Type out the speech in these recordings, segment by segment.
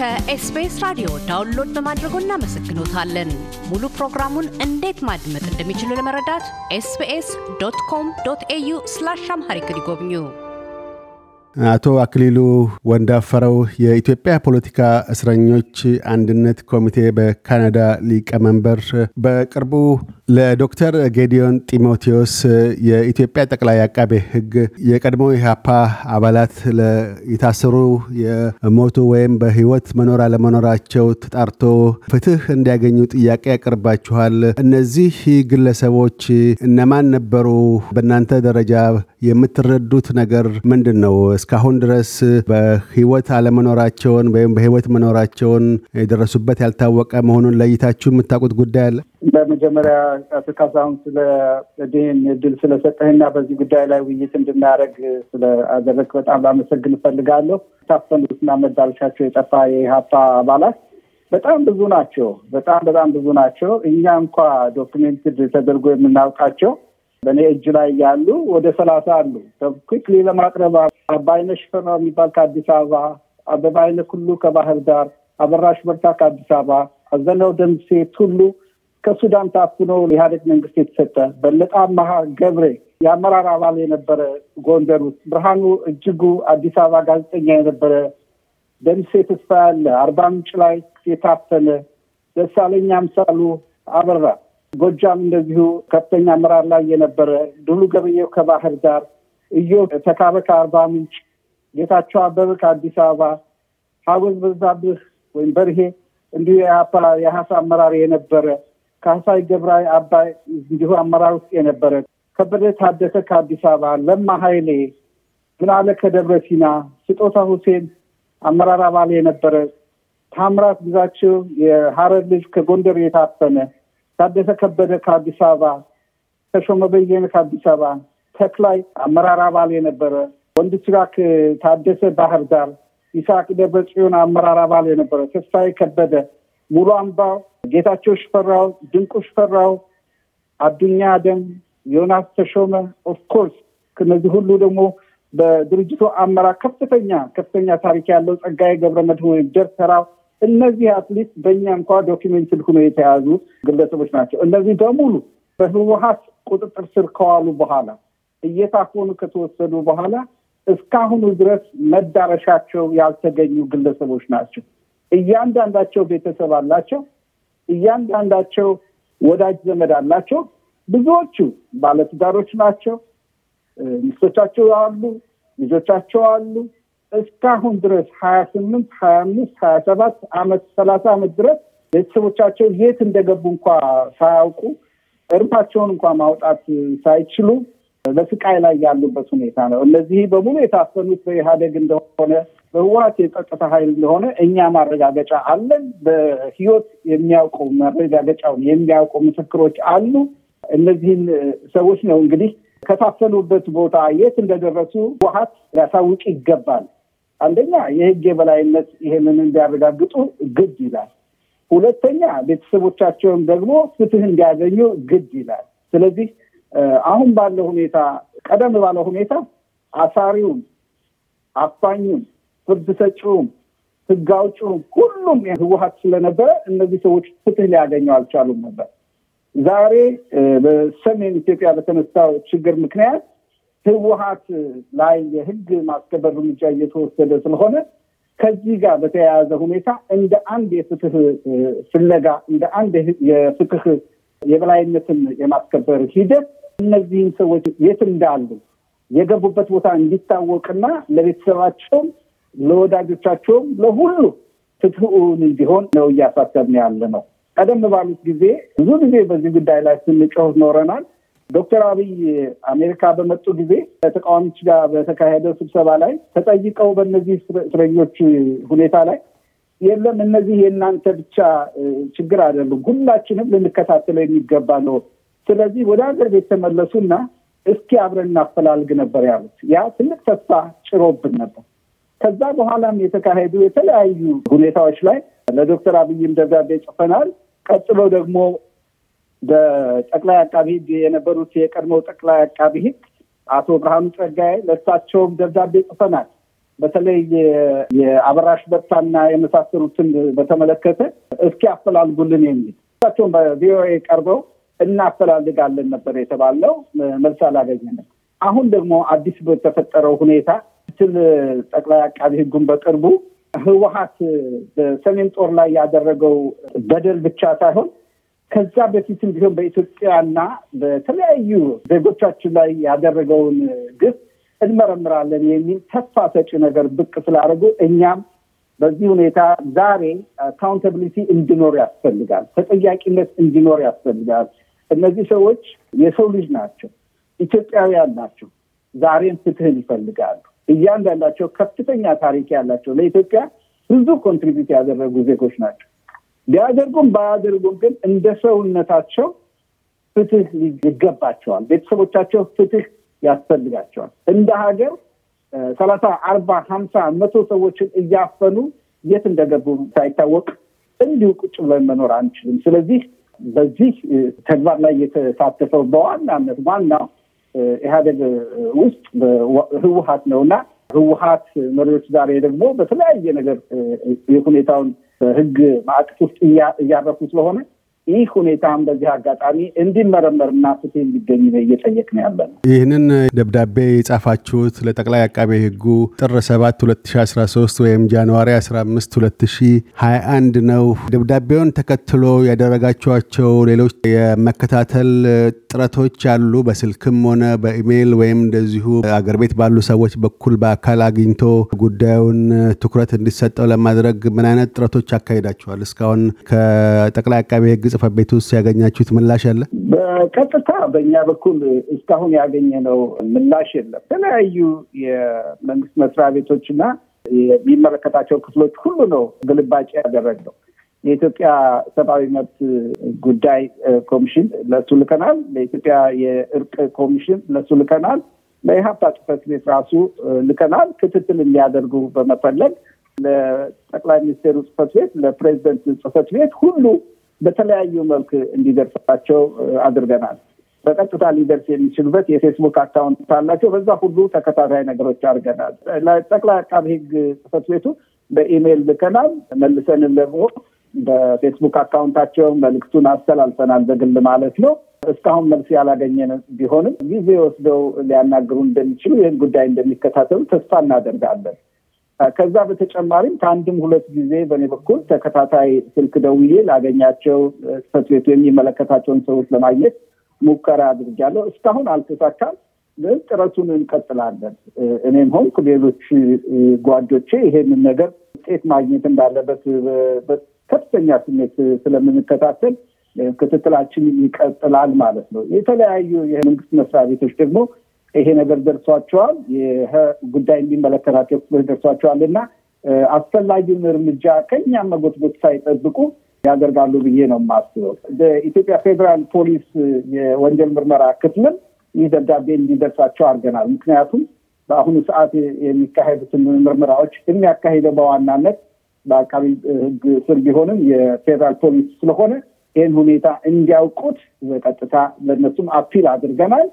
ከኤስቢኤስ ራዲዮ ዳውንሎድ በማድረጎ እናመሰግኖታለን። ሙሉ ፕሮግራሙን እንዴት ማድመጥ እንደሚችሉ ለመረዳት ኤስቢኤስ ዶት ኮም ዶት ኤዩ ስላሽ አምሃሪክ ይጎብኙ። አቶ አክሊሉ ወንዳፈረው የኢትዮጵያ ፖለቲካ እስረኞች አንድነት ኮሚቴ በካናዳ ሊቀመንበር በቅርቡ ለዶክተር ጌዲዮን ጢሞቴዎስ የኢትዮጵያ ጠቅላይ አቃቤ ሕግ የቀድሞ የሀፓ አባላት የታሰሩ የሞቱ ወይም በህይወት መኖር አለመኖራቸው ተጣርቶ ፍትህ እንዲያገኙ ጥያቄ ያቀርባችኋል። እነዚህ ግለሰቦች እነማን ነበሩ? በእናንተ ደረጃ የምትረዱት ነገር ምንድን ነው? እስካሁን ድረስ በህይወት አለመኖራቸውን ወይም በህይወት መኖራቸውን የደረሱበት ያልታወቀ መሆኑን ለይታችሁ የምታውቁት ጉዳይ አለ? በመጀመሪያ አቶ ካሳሁን ስለ እድህን እድል ስለሰጠህና በዚህ ጉዳይ ላይ ውይይት እንድናደረግ ስለአደረግ በጣም ላመሰግን እፈልጋለሁ። ታፈኑትና መዳረሻቸው የጠፋ የኢህአፓ አባላት በጣም ብዙ ናቸው። በጣም በጣም ብዙ ናቸው። እኛ እንኳ ዶክመንትድ ተደርጎ የምናውቃቸው በእኔ እጅ ላይ ያሉ ወደ ሰላሳ አሉ። ኩክሊ ለማቅረብ አባይነሽ ፈራ የሚባል ከአዲስ አበባ፣ አበባይነ ኩሉ ከባህር ዳር፣ አበራሽ በርታ ከአዲስ አበባ፣ አዘነው ደምሴ ሁሉ ከሱዳን ታፍኖ ኢህአዴግ መንግስት የተሰጠ በለጠ አምሃ ገብሬ የአመራር አባል የነበረ ጎንደር ውስጥ፣ ብርሃኑ እጅጉ አዲስ አበባ ጋዜጠኛ የነበረ፣ ደምሴ ተስፋ ያለ አርባ ምንጭ ላይ የታፈነ፣ ደሳለኝ አምሳሉ አበራ ጎጃም እንደዚሁ ከፍተኛ አመራር ላይ የነበረ፣ ድሉ ገበየው ከባህር ዳር፣ እዮ ተካበ ከአርባ ምንጭ፣ ጌታቸው አበበ ከአዲስ አበባ፣ ሀጎዝ በዛብህ ወይም በርሄ እንዲሁ የኢህአፓ የሀሳ አመራር የነበረ ካሳይ ገብራይ አባይ እንዲሁ አመራር ውስጥ የነበረ ከበደ ታደሰ ከአዲስ አበባ፣ ለማ ሀይሌ ምናለ ከደብረ ሲና፣ ስጦታ ሁሴን አመራር አባል የነበረ ታምራት ግዛቸው የሀረር ልጅ ከጎንደር የታፈነ ታደሰ ከበደ ከአዲስ አበባ፣ ተሾመ በየነ ከአዲስ አበባ፣ ተክላይ አመራር አባል የነበረ ወንድ ችራክ ታደሰ ባህር ዳር፣ ይስሐቅ ደብረ ጽዮን አመራር አባል የነበረ ተስፋዬ ከበደ ሙሉ አምባው ጌታቸው ሽፈራው፣ ድንቁ ሽፈራው፣ አዱኛ አደም፣ ዮናስ ተሾመ ኦፍኮርስ ከነዚህ ሁሉ ደግሞ በድርጅቱ አመራር ከፍተኛ ከፍተኛ ታሪክ ያለው ጸጋዬ ገብረመድህን ጀርሰራው እነዚህ አትሊስት በእኛ እንኳ ዶኪሜንትድ ሆኖ የተያዙ ግለሰቦች ናቸው። እነዚህ በሙሉ በህወሀት ቁጥጥር ስር ከዋሉ በኋላ እየታፈኑ ከተወሰዱ በኋላ እስካሁኑ ድረስ መዳረሻቸው ያልተገኙ ግለሰቦች ናቸው። እያንዳንዳቸው ቤተሰብ አላቸው። እያንዳንዳቸው ወዳጅ ዘመድ አላቸው። ብዙዎቹ ባለትዳሮች ናቸው። ሚስቶቻቸው አሉ፣ ልጆቻቸው አሉ። እስካሁን ድረስ ሀያ ስምንት ሀያ አምስት ሀያ ሰባት አመት ሰላሳ አመት ድረስ ቤተሰቦቻቸው የት እንደገቡ እንኳ ሳያውቁ እርማቸውን እንኳ ማውጣት ሳይችሉ በስቃይ ላይ ያሉበት ሁኔታ ነው። እነዚህ በሙሉ የታፈኑት በኢህአደግ እንደሆነ በህወሓት የጸጥታ ኃይል እንደሆነ እኛ ማረጋገጫ አለን። በህይወት የሚያውቁ ማረጋገጫውን የሚያውቁ ምስክሮች አሉ። እነዚህን ሰዎች ነው እንግዲህ ከታፈኑበት ቦታ የት እንደደረሱ ህወሓት ሊያሳውቅ ይገባል። አንደኛ የህግ የበላይነት ይሄንን እንዲያረጋግጡ ግድ ይላል። ሁለተኛ ቤተሰቦቻቸውን ደግሞ ፍትህ እንዲያገኙ ግድ ይላል። ስለዚህ አሁን ባለው ሁኔታ ቀደም ባለው ሁኔታ አሳሪውን አፋኙን ህግ ሰጪውም ህግ አውጪውም ሁሉም ህወሀት ስለነበረ እነዚህ ሰዎች ፍትህ ሊያገኙ አልቻሉም ነበር። ዛሬ በሰሜን ኢትዮጵያ በተነሳው ችግር ምክንያት ህወሀት ላይ የህግ ማስከበር እርምጃ እየተወሰደ ስለሆነ ከዚህ ጋር በተያያዘ ሁኔታ እንደ አንድ የፍትህ ፍለጋ እንደ አንድ የፍትህ የበላይነትን የማስከበር ሂደት እነዚህን ሰዎች የት እንዳሉ የገቡበት ቦታ እንዲታወቅና ለቤተሰባቸውም ለወዳጆቻቸውም ለሁሉ ፍትህን እንዲሆን ነው እያሳሰብን ያለ ነው። ቀደም ባሉት ጊዜ ብዙ ጊዜ በዚህ ጉዳይ ላይ ስንጮህ ኖረናል። ዶክተር አብይ አሜሪካ በመጡ ጊዜ ከተቃዋሚዎች ጋር በተካሄደ ስብሰባ ላይ ተጠይቀው በእነዚህ እስረኞች ሁኔታ ላይ የለም እነዚህ የእናንተ ብቻ ችግር አይደሉም፣ ሁላችንም ልንከታተለው የሚገባ ነው። ስለዚህ ወደ ሀገር ቤት ተመለሱና እስኪ አብረን እናፈላልግ ነበር ያሉት። ያ ትልቅ ተስፋ ጭሮብን ነበር። ከዛ በኋላም የተካሄዱ የተለያዩ ሁኔታዎች ላይ ለዶክተር አብይም ደብዳቤ ጽፈናል። ቀጥሎ ደግሞ በጠቅላይ አቃቢ ህግ የነበሩት የቀድሞው ጠቅላይ አቃቢ ህግ አቶ ብርሃኑ ጸጋዬ ለእሳቸውም ደብዳቤ ጽፈናል። በተለይ የአበራሽ በርታና የመሳሰሉትን በተመለከተ እስኪ አፈላልጉልን የሚል እሳቸውም በቪኦኤ ቀርበው እናፈላልጋለን ነበር የተባለው መልስ አላገኘንም። አሁን ደግሞ አዲስ በተፈጠረው ሁኔታ ምክትል ጠቅላይ አቃቢ ህጉን በቅርቡ ህወሀት በሰሜን ጦር ላይ ያደረገው በደል ብቻ ሳይሆን ከዛ በፊትም ቢሆን በኢትዮጵያና በተለያዩ ዜጎቻችን ላይ ያደረገውን ግፍ እንመረምራለን የሚል ተስፋ ሰጪ ነገር ብቅ ስላደረጉ እኛም በዚህ ሁኔታ ዛሬ አካውንታብሊቲ እንዲኖር ያስፈልጋል። ተጠያቂነት እንዲኖር ያስፈልጋል። እነዚህ ሰዎች የሰው ልጅ ናቸው፣ ኢትዮጵያውያን ናቸው። ዛሬን ፍትህን ይፈልጋሉ። እያንዳንዳቸው ከፍተኛ ታሪክ ያላቸው ለኢትዮጵያ ብዙ ኮንትሪቢዩት ያደረጉ ዜጎች ናቸው። ቢያደርጉም ባያደርጉም ግን እንደ ሰውነታቸው ፍትህ ይገባቸዋል። ቤተሰቦቻቸው ፍትህ ያስፈልጋቸዋል። እንደ ሀገር ሰላሳ አርባ ሀምሳ መቶ ሰዎችን እያፈኑ የት እንደገቡ ሳይታወቅ እንዲሁ ቁጭ ብለን መኖር አንችልም። ስለዚህ በዚህ ተግባር ላይ የተሳተፈው በዋናነት ዋናው ኢህአዴግ ውስጥ ህወሀት ነው እና ህወሀት መሪዎች ዛሬ ደግሞ በተለያየ ነገር የሁኔታውን ህግ ማዕቀፍ ውስጥ እያረፉ ስለሆነ ይህ ሁኔታም በዚህ አጋጣሚ እንዲመረመርና ፍትህ እንዲገኝ ነው እየጠየቅ ነው ያለ ነው። ይህንን ደብዳቤ የጻፋችሁት ለጠቅላይ አቃቤ ህጉ ጥር 7 2013 ወይም ጃንዋሪ ሀያ አንድ ነው። ደብዳቤውን ተከትሎ ያደረጋችኋቸው ሌሎች የመከታተል ጥረቶች አሉ። በስልክም ሆነ በኢሜይል ወይም እንደዚሁ አገር ቤት ባሉ ሰዎች በኩል በአካል አግኝቶ ጉዳዩን ትኩረት እንዲሰጠው ለማድረግ ምን አይነት ጥረቶች አካሂዳችኋል? እስካሁን ከጠቅላይ አቃቤ ሕግ ጽሕፈት ቤት ውስጥ ያገኛችሁት ምላሽ አለ? በቀጥታ በእኛ በኩል እስካሁን ያገኘነው ምላሽ የለም። የተለያዩ የመንግስት መስሪያ ቤቶችና የሚመለከታቸው ክፍሎች ሁሉ ነው ግልባጭ ያደረግነው። የኢትዮጵያ ሰብአዊ መብት ጉዳይ ኮሚሽን ለሱ ልከናል። ለኢትዮጵያ የእርቅ ኮሚሽን ለሱ ልከናል። ለኢህአፓ ጽሕፈት ቤት ራሱ ልከናል። ክትትል እንዲያደርጉ በመፈለግ ለጠቅላይ ሚኒስቴሩ ጽፈት ቤት፣ ለፕሬዚደንት ጽህፈት ቤት ሁሉ በተለያዩ መልክ እንዲደርሳቸው አድርገናል። በቀጥታ ሊደርስ የሚችሉበት የፌስቡክ አካውንት አላቸው። በዛ ሁሉ ተከታታይ ነገሮች አድርገናል። ለጠቅላይ አቃቢ ህግ ጽሕፈት ቤቱ በኢሜይል ልከናል። መልሰን ደግሞ በፌስቡክ አካውንታቸው መልእክቱን አስተላልፈናል፣ በግል ማለት ነው። እስካሁን መልስ ያላገኘን ቢሆንም ጊዜ ወስደው ሊያናግሩ እንደሚችሉ ይህን ጉዳይ እንደሚከታተሉ ተስፋ እናደርጋለን። ከዛ በተጨማሪም ከአንድም ሁለት ጊዜ በእኔ በኩል ተከታታይ ስልክ ደውዬ ላገኛቸው ጽሕፈት ቤቱ የሚመለከታቸውን ሰዎች ለማግኘት ሙከራ አድርጃለሁ። እስካሁን አልተሳካም። ጥረቱን እንቀጥላለን። እኔም ሆንኩ ሌሎች ጓዶቼ ይሄንን ነገር ውጤት ማግኘት እንዳለበት ከፍተኛ ስሜት ስለምንከታተል ክትትላችን ይቀጥላል ማለት ነው። የተለያዩ የመንግስት መስሪያ ቤቶች ደግሞ ይሄ ነገር ደርሷቸዋል፣ ጉዳይ የሚመለከታቸው ክፍሎች ደርሷቸዋል እና አስፈላጊውን እርምጃ ከኛ መጎትጎት ሳይጠብቁ ያደርጋሉ ብዬ ነው የማስበው። በኢትዮጵያ ፌዴራል ፖሊስ የወንጀል ምርመራ ክፍልም ይህ ደብዳቤ እንዲደርሳቸው አድርገናል። ምክንያቱም በአሁኑ ሰዓት የሚካሄዱትን ምርመራዎች የሚያካሂደው በዋናነት በአካባቢ ህግ ስር ቢሆንም የፌዴራል ፖሊስ ስለሆነ ይህን ሁኔታ እንዲያውቁት በቀጥታ ለእነሱም አፒል አድርገናል።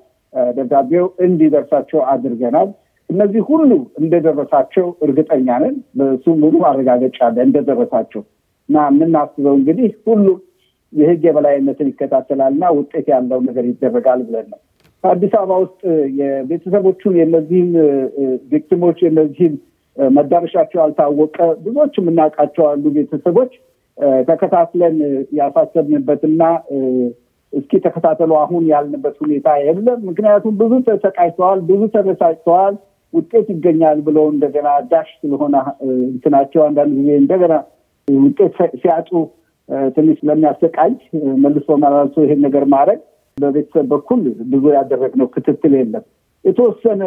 ደብዳቤው እንዲደርሳቸው አድርገናል። እነዚህ ሁሉ እንደደረሳቸው እርግጠኛ ነን። በሱ ሙሉ ማረጋገጫ አለ እንደደረሳቸው እና የምናስበው እንግዲህ ሁሉ የህግ የበላይነትን ይከታተላል እና ውጤት ያለው ነገር ይደረጋል ብለን ነው። አዲስ አበባ ውስጥ የቤተሰቦቹ የነዚህን ቪክቲሞች የነዚህን መዳረሻቸው ያልታወቀ ብዙዎች የምናውቃቸው አሉ ቤተሰቦች ተከታትለን ያሳሰብንበትና እስኪ ተከታተሉ አሁን ያልንበት ሁኔታ የለም። ምክንያቱም ብዙ ተሰቃይተዋል፣ ብዙ ተበሳጭተዋል። ውጤት ይገኛል ብለው እንደገና ዳሽ ስለሆነ እንትናቸው አንዳንድ ጊዜ እንደገና ውጤት ሲያጡ ትንሽ ስለሚያሰቃይ መልሶ መላልሶ ይሄን ነገር ማድረግ በቤተሰብ በኩል ብዙ ያደረግነው ክትትል የለም። የተወሰነ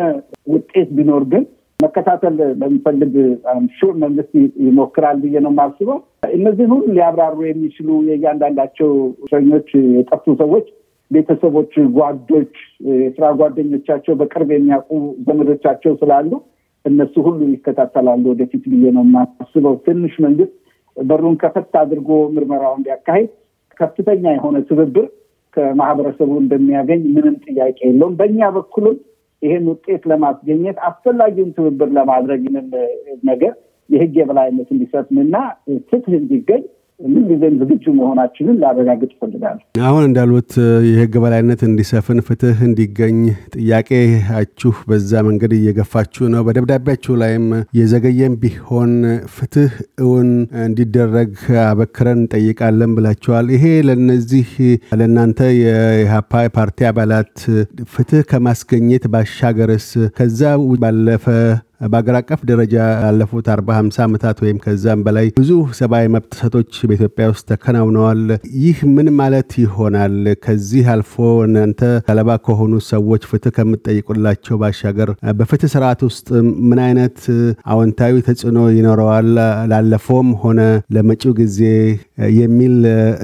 ውጤት ቢኖር ግን መከታተል በሚፈልግ um, ሹር መንግስት ይሞክራል ብዬ ነው የማስበው። እነዚህን ሁሉ ሊያብራሩ የሚችሉ የእያንዳንዳቸው እስረኞች፣ የጠፉ ሰዎች ቤተሰቦች፣ ጓዶች፣ የስራ ጓደኞቻቸው፣ በቅርብ የሚያውቁ ዘመዶቻቸው ስላሉ እነሱ ሁሉ ይከታተላሉ ወደፊት ብዬ ነው የማስበው። ትንሽ መንግስት በሩን ከፈት አድርጎ ምርመራው እንዲያካሄድ ከፍተኛ የሆነ ትብብር ከማህበረሰቡ እንደሚያገኝ ምንም ጥያቄ የለውም። በእኛ በኩልም ይህን ውጤት ለማስገኘት አስፈላጊውን ትብብር ለማድረግ ይህንን ነገር የህግ የበላይነት እንዲሰፍንና ፍትህ እንዲገኝ ምንጊዜም ዝግጁ መሆናችንን ላረጋግጥ ፈልጋል። አሁን እንዳሉት የህግ በላይነት እንዲሰፍን ፍትህ እንዲገኝ ጥያቄያችሁ በዛ መንገድ እየገፋችሁ ነው። በደብዳቤያችሁ ላይም የዘገየም ቢሆን ፍትህ እውን እንዲደረግ አበክረን እንጠይቃለን ብላችኋል። ይሄ ለነዚህ ለእናንተ የኢሃፓ ፓርቲ አባላት ፍትህ ከማስገኘት ባሻገርስ ከዛ ባለፈ በአገር አቀፍ ደረጃ ያለፉት አርባ ሀምሳ ዓመታት ወይም ከዛም በላይ ብዙ ሰብአዊ መብት ጥሰቶች በኢትዮጵያ ውስጥ ተከናውነዋል። ይህ ምን ማለት ይሆናል? ከዚህ አልፎ እናንተ ሰለባ ከሆኑ ሰዎች ፍትህ ከምትጠይቁላቸው ባሻገር በፍትህ ስርዓት ውስጥ ምን አይነት አዎንታዊ ተጽዕኖ ይኖረዋል? ላለፈውም ሆነ ለመጪው ጊዜ የሚል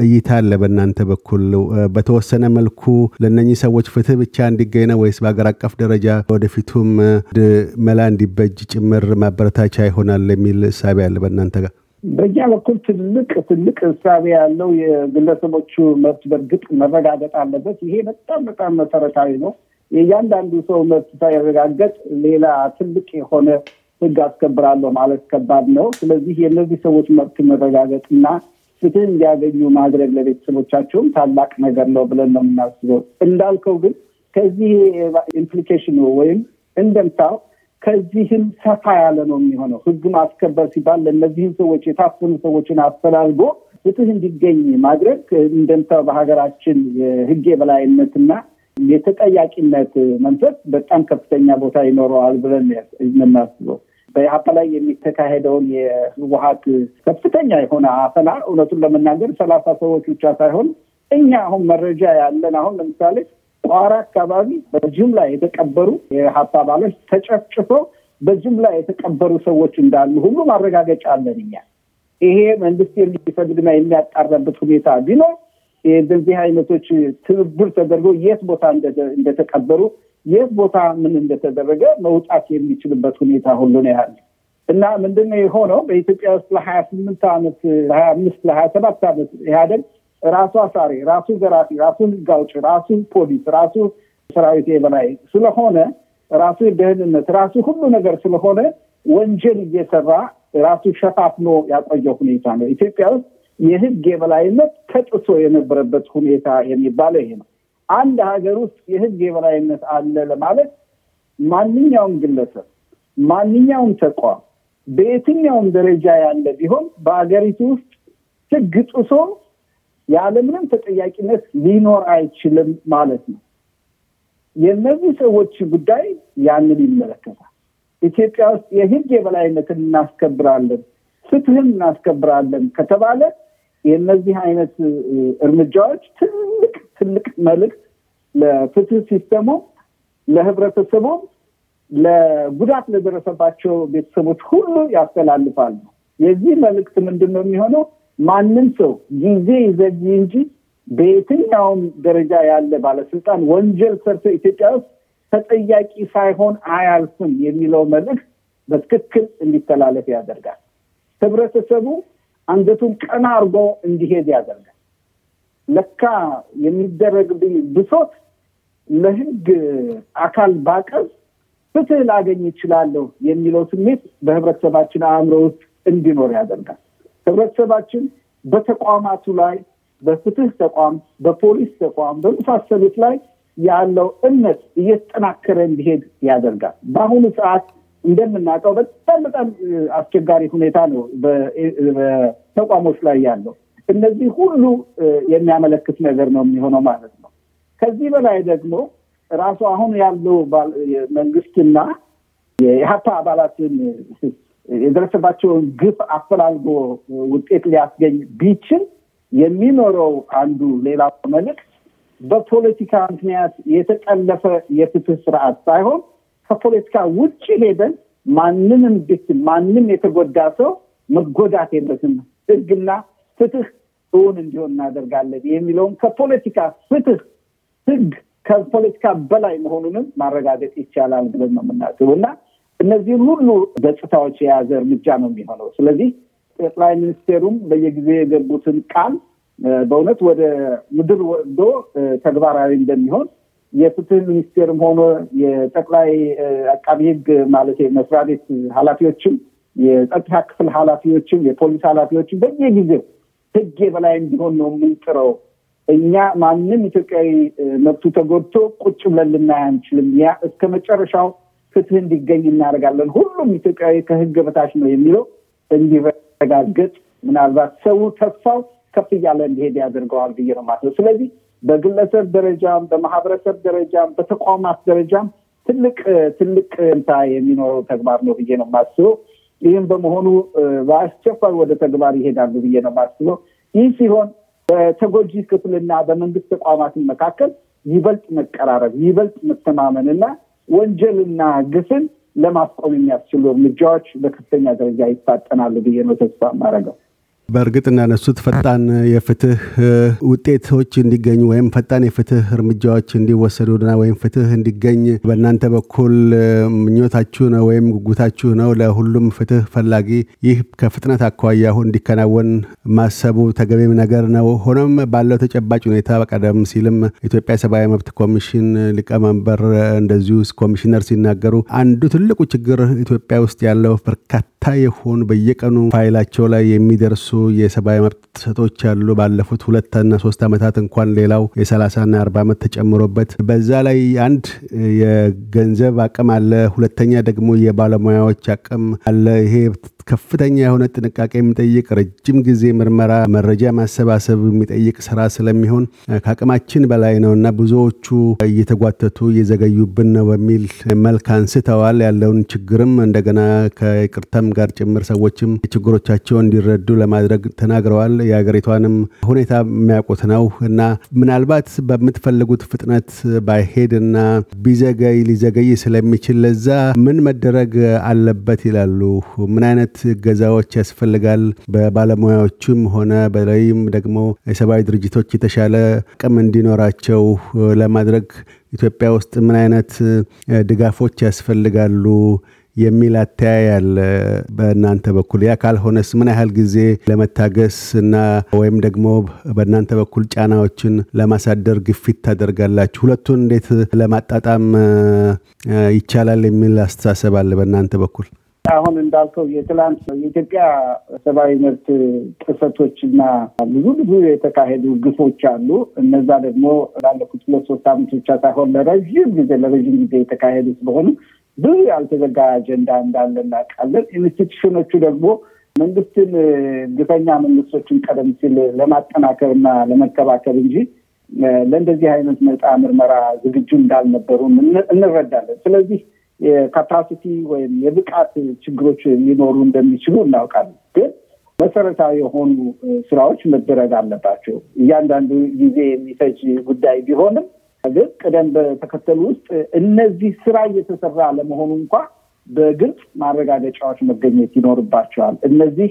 እይታ አለ በእናንተ በኩል? በተወሰነ መልኩ ለእነኚህ ሰዎች ፍትህ ብቻ እንዲገኝ ነው ወይስ በአገር አቀፍ ደረጃ ወደፊቱም መላ እንዲበ በእጅ ጭምር ማበረታቻ ይሆናል የሚል እሳቤ አለ በእናንተ ጋር? በእኛ በኩል ትልቅ ትልቅ እሳቤ ያለው የግለሰቦቹ መብት በእርግጥ መረጋገጥ አለበት። ይሄ በጣም በጣም መሰረታዊ ነው። የእያንዳንዱ ሰው መብት ሳይረጋገጥ ሌላ ትልቅ የሆነ ህግ አስከብራለሁ ማለት ከባድ ነው። ስለዚህ የእነዚህ ሰዎች መብት መረጋገጥ እና ፍትህ እንዲያገኙ ማድረግ ለቤተሰቦቻቸውም ታላቅ ነገር ነው ብለን ነው የምናስበው። እንዳልከው ግን ከዚህ ኢምፕሊኬሽኑ ወይም እንደምታው ከዚህም ሰፋ ያለ ነው የሚሆነው። ህግ ማስከበር ሲባል ለእነዚህም ሰዎች የታፈኑ ሰዎችን አፈላልጎ ፍትህ እንዲገኝ ማድረግ እንደምታው በሀገራችን የህግ የበላይነትና የተጠያቂነት መንፈስ በጣም ከፍተኛ ቦታ ይኖረዋል ብለን የምናስበው በኢህአፓ ላይ የሚተካሄደውን የህወሀት ከፍተኛ የሆነ አፈና እውነቱን ለመናገር ሰላሳ ሰዎች ብቻ ሳይሆን እኛ አሁን መረጃ ያለን አሁን ለምሳሌ በአማራ አካባቢ በጅምላ የተቀበሩ የሀብት አባሎች ተጨፍጭፎ በጅምላ የተቀበሩ ሰዎች እንዳሉ ሁሉ ማረጋገጫ አለን እኛ። ይሄ መንግስት የሚፈልግና የሚያጣራበት ሁኔታ ቢኖር እንደዚህ አይነቶች ትብብር ተደርጎ የት ቦታ እንደተቀበሩ የት ቦታ ምን እንደተደረገ መውጣት የሚችልበት ሁኔታ ሁሉ ነው ያለ እና ምንድነው የሆነው በኢትዮጵያ ውስጥ ለሀያ ስምንት ዓመት ለሀያ አምስት ለሀያ ሰባት ዓመት ኢህአደግ ራሱ አሳሪ፣ ራሱ ዘራፊ፣ ራሱ ህግ አውጪ፣ ራሱ ፖሊስ፣ ራሱ ሰራዊት የበላይ ስለሆነ ራሱ ደህንነት፣ ራሱ ሁሉ ነገር ስለሆነ ወንጀል እየሰራ ራሱ ሸፋፍኖ ያቆየው ሁኔታ ነው። ኢትዮጵያ ውስጥ የህግ የበላይነት ተጥሶ የነበረበት ሁኔታ የሚባለው ይሄ ነው። አንድ ሀገር ውስጥ የህግ የበላይነት አለ ለማለት ማንኛውም ግለሰብ፣ ማንኛውም ተቋም በየትኛውም ደረጃ ያለ ቢሆን በሀገሪቱ ውስጥ ህግ ጥሶ ያለምንም ተጠያቂነት ሊኖር አይችልም ማለት ነው። የእነዚህ ሰዎች ጉዳይ ያንን ይመለከታል። ኢትዮጵያ ውስጥ የህግ የበላይነትን እናስከብራለን፣ ፍትህን እናስከብራለን ከተባለ የእነዚህ አይነት እርምጃዎች ትልቅ ትልቅ መልእክት ለፍትህ ሲስተሙም ለህብረተሰቡም ለጉዳት ለደረሰባቸው ቤተሰቦች ሁሉ ያስተላልፋሉ። የዚህ መልእክት ምንድን ነው የሚሆነው? ማንም ሰው ጊዜ ይዘግ እንጂ በየትኛውም ደረጃ ያለ ባለስልጣን ወንጀል ሰርቶ ኢትዮጵያ ውስጥ ተጠያቂ ሳይሆን አያልፍም የሚለው መልእክት በትክክል እንዲተላለፍ ያደርጋል። ህብረተሰቡ አንገቱን ቀና አድርጎ እንዲሄድ ያደርጋል። ለካ የሚደረግብኝ ብሶት ለህግ አካል ባቀዝ ፍትህ ላገኝ ይችላለሁ የሚለው ስሜት በህብረተሰባችን አእምሮ ውስጥ እንዲኖር ያደርጋል። ህብረተሰባችን በተቋማቱ ላይ በፍትህ ተቋም፣ በፖሊስ ተቋም፣ በመሳሰሉት ላይ ያለው እምነት እየተጠናከረ እንዲሄድ ያደርጋል። በአሁኑ ሰዓት እንደምናውቀው በጣም በጣም አስቸጋሪ ሁኔታ ነው በተቋሞች ላይ ያለው። እነዚህ ሁሉ የሚያመለክት ነገር ነው የሚሆነው ማለት ነው። ከዚህ በላይ ደግሞ ራሱ አሁን ያለው መንግስትና የኢህአፓ አባላትን የደረሰባቸውን ግፍ አፈላልጎ ውጤት ሊያስገኝ ቢችል የሚኖረው አንዱ ሌላ መልእክት በፖለቲካ ምክንያት የተጠለፈ የፍትህ ስርዓት ሳይሆን ከፖለቲካ ውጭ ሄደን ማንንም ብትል ማንም የተጎዳ ሰው መጎዳት የለትም ህግና ፍትህ እውን እንዲሆን እናደርጋለን የሚለውም ከፖለቲካ ፍትህ ህግ ከፖለቲካ በላይ መሆኑንም ማረጋገጥ ይቻላል ብለን ነው የምናስቡ እና እነዚህን ሁሉ ገጽታዎች የያዘ እርምጃ ነው የሚሆነው። ስለዚህ ጠቅላይ ሚኒስቴሩም በየጊዜው የገቡትን ቃል በእውነት ወደ ምድር ወርዶ ተግባራዊ እንደሚሆን የፍትህ ሚኒስቴርም ሆኖ የጠቅላይ አቃቢ ሕግ ማለት መስሪያ ቤት ኃላፊዎችም የጸጥታ ክፍል ኃላፊዎችም የፖሊስ ኃላፊዎችም በየጊዜው ሕግ የበላይ እንዲሆን ነው የምንጥረው። እኛ ማንም ኢትዮጵያዊ መብቱ ተጎድቶ ቁጭ ብለን ልናይ አንችልም። ያ እስከ መጨረሻው ፍትህ እንዲገኝ እናደርጋለን። ሁሉም ኢትዮጵያዊ ከህግ በታች ነው የሚለው እንዲረጋገጥ ምናልባት ሰው ተስፋው ከፍ እያለ እንዲሄድ ያደርገዋል ብዬ ነው ማለት ነው። ስለዚህ በግለሰብ ደረጃም በማህበረሰብ ደረጃም በተቋማት ደረጃም ትልቅ ትልቅ እንታ የሚኖረው ተግባር ነው ብዬ ነው የማስበው። ይህም በመሆኑ በአስቸኳይ ወደ ተግባር ይሄዳሉ ብዬ ነው የማስበው። ይህ ሲሆን በተጎጂ ክፍልና በመንግስት ተቋማትን መካከል ይበልጥ መቀራረብ፣ ይበልጥ መተማመን እና ወንጀልና ግፍን ለማስቆም የሚያስችሉ እርምጃዎች በከፍተኛ ደረጃ ይፋጠናሉ ብዬ ነው ተስፋ የማደርገው። በእርግጥ እንዳነሱት ፈጣን የፍትህ ውጤቶች እንዲገኙ ወይም ፈጣን የፍትህ እርምጃዎች እንዲወሰዱና ወይም ፍትህ እንዲገኝ በእናንተ በኩል ምኞታችሁ ነው ወይም ጉጉታችሁ ነው። ለሁሉም ፍትህ ፈላጊ ይህ ከፍጥነት አኳያ እንዲከናወን ማሰቡ ተገቢም ነገር ነው። ሆኖም ባለው ተጨባጭ ሁኔታ በቀደም ሲልም ኢትዮጵያ ሰብአዊ መብት ኮሚሽን ሊቀመንበር እንደዚሁ ኮሚሽነር ሲናገሩ አንዱ ትልቁ ችግር ኢትዮጵያ ውስጥ ያለው በርካታ በርካታ የሆኑ በየቀኑ ፋይላቸው ላይ የሚደርሱ የሰብአዊ መብት ጥሰቶች ያሉ ባለፉት ሁለትና ሶስት ዓመታት እንኳን ሌላው የሰላሳና አርባ ዓመት ተጨምሮበት በዛ ላይ አንድ የገንዘብ አቅም አለ፣ ሁለተኛ ደግሞ የባለሙያዎች አቅም አለ። ይሄ ከፍተኛ የሆነ ጥንቃቄ የሚጠይቅ ረጅም ጊዜ ምርመራ፣ መረጃ ማሰባሰብ የሚጠይቅ ስራ ስለሚሆን ከአቅማችን በላይ ነው እና ብዙዎቹ እየተጓተቱ እየዘገዩብን ነው በሚል መልክ አንስተዋል። ያለውን ችግርም እንደገና ከይቅርታም ጋር ጭምር ሰዎችም ችግሮቻቸውን እንዲረዱ ለማድረግ ተናግረዋል። የሀገሪቷንም ሁኔታ የሚያውቁት ነው እና ምናልባት በምትፈልጉት ፍጥነት ባይሄድና ቢዘገይ ሊዘገይ ስለሚችል ለዛ ምን መደረግ አለበት ይላሉ? ምን አይነት ገዛዎች ያስፈልጋል? በባለሙያዎችም ሆነ በተለይም ደግሞ የሰብአዊ ድርጅቶች የተሻለ አቅም እንዲኖራቸው ለማድረግ ኢትዮጵያ ውስጥ ምን አይነት ድጋፎች ያስፈልጋሉ? የሚል አተያያል በእናንተ በኩል። ያ ካልሆነስ ምን ያህል ጊዜ ለመታገስ እና ወይም ደግሞ በእናንተ በኩል ጫናዎችን ለማሳደር ግፊት ታደርጋላችሁ? ሁለቱን እንዴት ለማጣጣም ይቻላል የሚል አስተሳሰብ አለ በእናንተ በኩል። አሁን እንዳልከው የትላንት የኢትዮጵያ ሰብአዊ መብት ጥሰቶች እና ብዙ ብዙ የተካሄዱ ግፎች አሉ። እነዛ ደግሞ ላለፉት ሁለት ሶስት ዓመት ብቻ ሳይሆን ለረዥም ጊዜ ለረዥም ጊዜ የተካሄዱ ስለሆኑ ብዙ ያልተዘጋ አጀንዳ እንዳለ እናውቃለን። ኢንስቲቱሽኖቹ ደግሞ መንግስትን ግፈኛ መንግስቶችን ቀደም ሲል ለማጠናከር እና ለመከባከብ እንጂ ለእንደዚህ አይነት ነፃ ምርመራ ዝግጁ እንዳልነበሩ እንረዳለን። ስለዚህ የካፓሲቲ ወይም የብቃት ችግሮች ሊኖሩ እንደሚችሉ እናውቃለን። ግን መሰረታዊ የሆኑ ስራዎች መደረግ አለባቸው። እያንዳንዱ ጊዜ የሚፈጅ ጉዳይ ቢሆንም ግን ቅደም በተከተሉ ውስጥ እነዚህ ስራ እየተሰራ ለመሆኑ እንኳ በግልጽ ማረጋገጫዎች መገኘት ይኖርባቸዋል። እነዚህ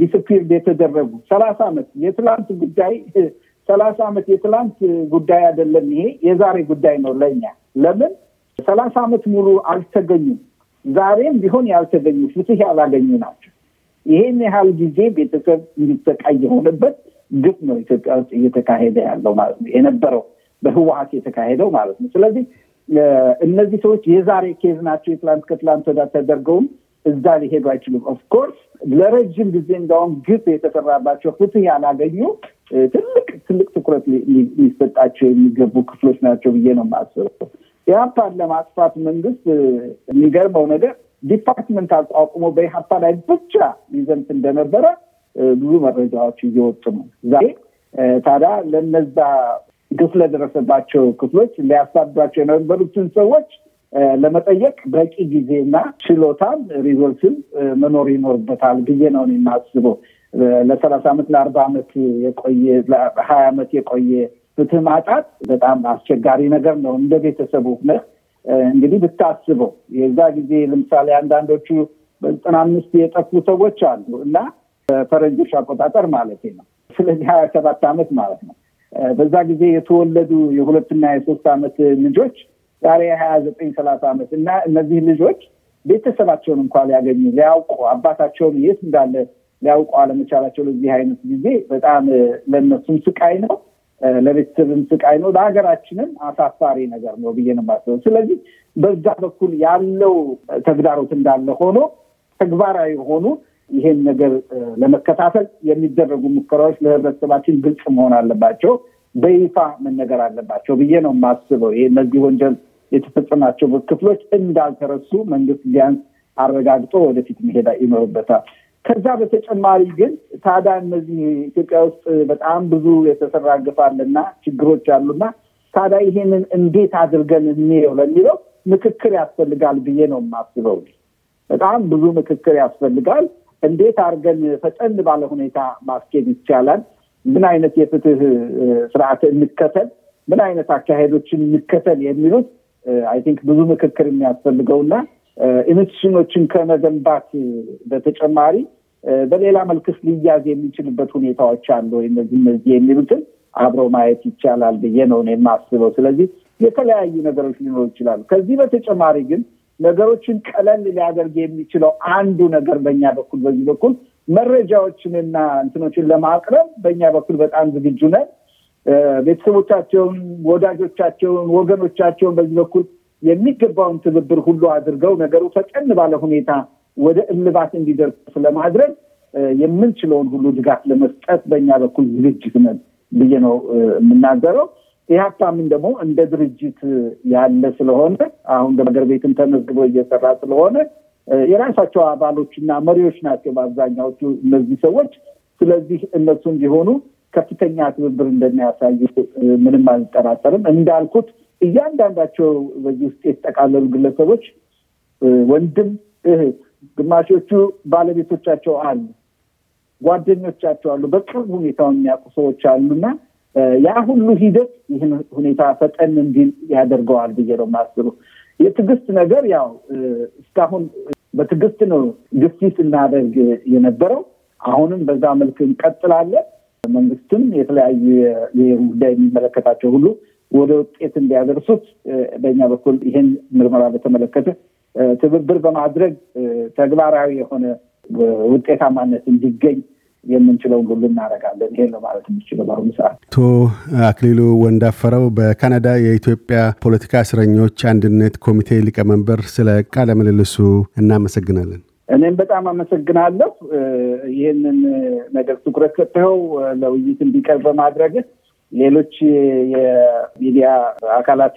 ዲስፒርድ የተደረጉ ሰላሳ አመት የትላንት ጉዳይ ሰላሳ አመት የትላንት ጉዳይ አይደለም። ይሄ የዛሬ ጉዳይ ነው ለእኛ። ለምን ሰላሳ ዓመት ሙሉ አልተገኙም። ዛሬም ቢሆን ያልተገኙ ፍትህ ያላገኙ ናቸው። ይሄን ያህል ጊዜ ቤተሰብ እንዲሰቃይ የሆነበት ግፍ ነው ኢትዮጵያ ውስጥ እየተካሄደ ያለው ማለት ነው የነበረው በህወሀት የተካሄደው ማለት ነው። ስለዚህ እነዚህ ሰዎች የዛሬ ኬዝ ናቸው። የትላንት ከትላንት ወዳ ተደርገውም እዛ ሊሄዱ አይችሉም። ኦፍኮርስ ለረጅም ጊዜ እንደውም ግፍ የተሰራባቸው ፍትህ ያላገኙ ትልቅ ትልቅ ትኩረት ሊሰጣቸው የሚገቡ ክፍሎች ናቸው ብዬ ነው የማስበው። ኢህአፓን ለማጥፋት መንግስት የሚገርመው ነገር ዲፓርትመንት አቋቁሞ በኢህአፓ ላይ ብቻ ይዘምት እንደነበረ ብዙ መረጃዎች እየወጡ ነው ዛሬ ታዲያ ለነዛ ግፍ ለደረሰባቸው ክፍሎች ሊያሳዷቸው የነበሩትን ሰዎች ለመጠየቅ በቂ ጊዜና ችሎታም ሪዞርስም መኖር ይኖርበታል ብዬ ነው የማስበው። ለሰላሳ ዓመት ለአርባ ዓመት የቆየ ለሀያ ዓመት የቆየ ፍትህ ማጣት በጣም አስቸጋሪ ነገር ነው። እንደ ቤተሰቡ ነህ እንግዲህ ብታስበው የዛ ጊዜ ለምሳሌ አንዳንዶቹ በዘጠና አምስት የጠፉ ሰዎች አሉ እና ፈረንጆች አቆጣጠር ማለት ነው። ስለዚህ ሀያ ሰባት ዓመት ማለት ነው በዛ ጊዜ የተወለዱ የሁለትና የሶስት ዓመት ልጆች ዛሬ የሀያ ዘጠኝ ሰላሳ ዓመት እና እነዚህ ልጆች ቤተሰባቸውን እንኳ ሊያገኙ ሊያውቁ አባታቸውን የት እንዳለ ሊያውቁ አለመቻላቸው ለዚህ አይነት ጊዜ በጣም ለነሱም ስቃይ ነው፣ ለቤተሰብም ስቃይ ነው፣ ለሀገራችንም አሳፋሪ ነገር ነው ብዬ ነው የማስበው። ስለዚህ በዛ በኩል ያለው ተግዳሮት እንዳለ ሆኖ ተግባራዊ ሆኑ ይሄን ነገር ለመከታተል የሚደረጉ ሙከራዎች ለህብረተሰባችን ግልጽ መሆን አለባቸው፣ በይፋ መነገር አለባቸው ብዬ ነው የማስበው። ይሄ እነዚህ ወንጀል የተፈጸማቸው ክፍሎች እንዳልተረሱ መንግስት ቢያንስ አረጋግጦ ወደፊት መሄድ ይኖርበታል። ከዛ በተጨማሪ ግን ታዲያ እነዚህ ኢትዮጵያ ውስጥ በጣም ብዙ የተሰራ ግፍ ችግሮች አሉና ታዲያ ይሄንን እንዴት አድርገን እንየው ለሚለው ምክክር ያስፈልጋል ብዬ ነው የማስበው። በጣም ብዙ ምክክር ያስፈልጋል። እንዴት አድርገን ፈጠን ባለ ሁኔታ ማስኬድ ይቻላል? ምን አይነት የፍትህ ስርዓት እንከተል? ምን አይነት አካሄዶችን እንከተል? የሚሉት አይ ቲንክ ብዙ ምክክር የሚያስፈልገውና ኢንስቲቱሽኖችን ከመገንባት በተጨማሪ በሌላ መልክስ ሊያዝ የሚችልበት ሁኔታዎች አሉ ወይ እነዚህ እነዚህ የሚሉትን አብሮ ማየት ይቻላል ብዬ ነው የማስበው። ስለዚህ የተለያዩ ነገሮች ሊኖሩ ይችላሉ። ከዚህ በተጨማሪ ግን ነገሮችን ቀለል ሊያደርግ የሚችለው አንዱ ነገር በእኛ በኩል በዚህ በኩል መረጃዎችንና እንትኖችን ለማቅረብ በእኛ በኩል በጣም ዝግጁ ነን። ቤተሰቦቻቸውን፣ ወዳጆቻቸውን፣ ወገኖቻቸውን በዚህ በኩል የሚገባውን ትብብር ሁሉ አድርገው ነገሩ ፈጠን ባለ ሁኔታ ወደ እልባት እንዲደርስ ለማድረግ የምንችለውን ሁሉ ድጋፍ ለመስጠት በእኛ በኩል ዝግጅት ነን ብዬ ነው የምናገረው። ኢህአፓምን ደግሞ እንደ ድርጅት ያለ ስለሆነ አሁን በሀገር ቤትም ተመዝግቦ እየሰራ ስለሆነ የራሳቸው አባሎችና መሪዎች ናቸው በአብዛኛዎቹ እነዚህ ሰዎች። ስለዚህ እነሱ ቢሆኑ ከፍተኛ ትብብር እንደሚያሳዩ ምንም አልጠራጠርም። እንዳልኩት እያንዳንዳቸው በዚህ ውስጥ የተጠቃለሉ ግለሰቦች ወንድም፣ እህት፣ ግማሾቹ ባለቤቶቻቸው አሉ፣ ጓደኞቻቸው አሉ፣ በቅርብ ሁኔታውን የሚያውቁ ሰዎች አሉና ያ ሁሉ ሂደት ይህን ሁኔታ ፈጠን እንዲል ያደርገዋል ብዬ ነው ማስሩ የትዕግስት ነገር ያው እስካሁን በትዕግስት ነው ግፊት እናደርግ የነበረው። አሁንም በዛ መልክ እንቀጥላለን። መንግስትም የተለያዩ ጉዳይ የሚመለከታቸው ሁሉ ወደ ውጤት እንዲያደርሱት በእኛ በኩል ይህን ምርመራ በተመለከተ ትብብር በማድረግ ተግባራዊ የሆነ ውጤታማነት እንዲገኝ የምንችለውን ሁሉ እናደርጋለን። ይሄ ነው ማለት የምችለው በአሁኑ ሰዓት። አቶ አክሊሉ ወንዳፈረው በካናዳ የኢትዮጵያ ፖለቲካ እስረኞች አንድነት ኮሚቴ ሊቀመንበር፣ ስለ ቃለ ምልልሱ እናመሰግናለን። እኔም በጣም አመሰግናለሁ። ይህንን ነገር ትኩረት ሰጥተኸው ለውይይት እንዲቀርብ በማድረግህ ሌሎች የሚዲያ አካላት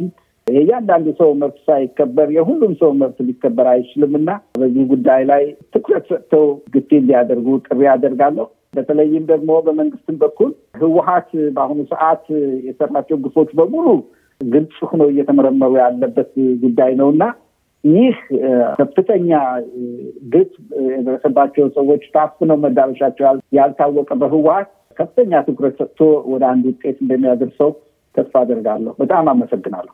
የእያንዳንዱ ሰው መብት ሳይከበር የሁሉም ሰው መብት ሊከበር አይችልም እና በዚህ ጉዳይ ላይ ትኩረት ሰጥተው ግፊት እንዲያደርጉ ጥሪ ያደርጋለሁ። በተለይም ደግሞ በመንግስትም በኩል ህወሀት በአሁኑ ሰዓት የሰራቸው ግፎች በሙሉ ግልጽ ሆኖ እየተመረመሩ ያለበት ጉዳይ ነው እና ይህ ከፍተኛ ግፍ የደረሰባቸው ሰዎች ታፍነው መዳረሻቸው ያልታወቀ በህወሀት ከፍተኛ ትኩረት ሰጥቶ ወደ አንድ ውጤት እንደሚያደርሰው ተስፋ አደርጋለሁ። በጣም አመሰግናለሁ።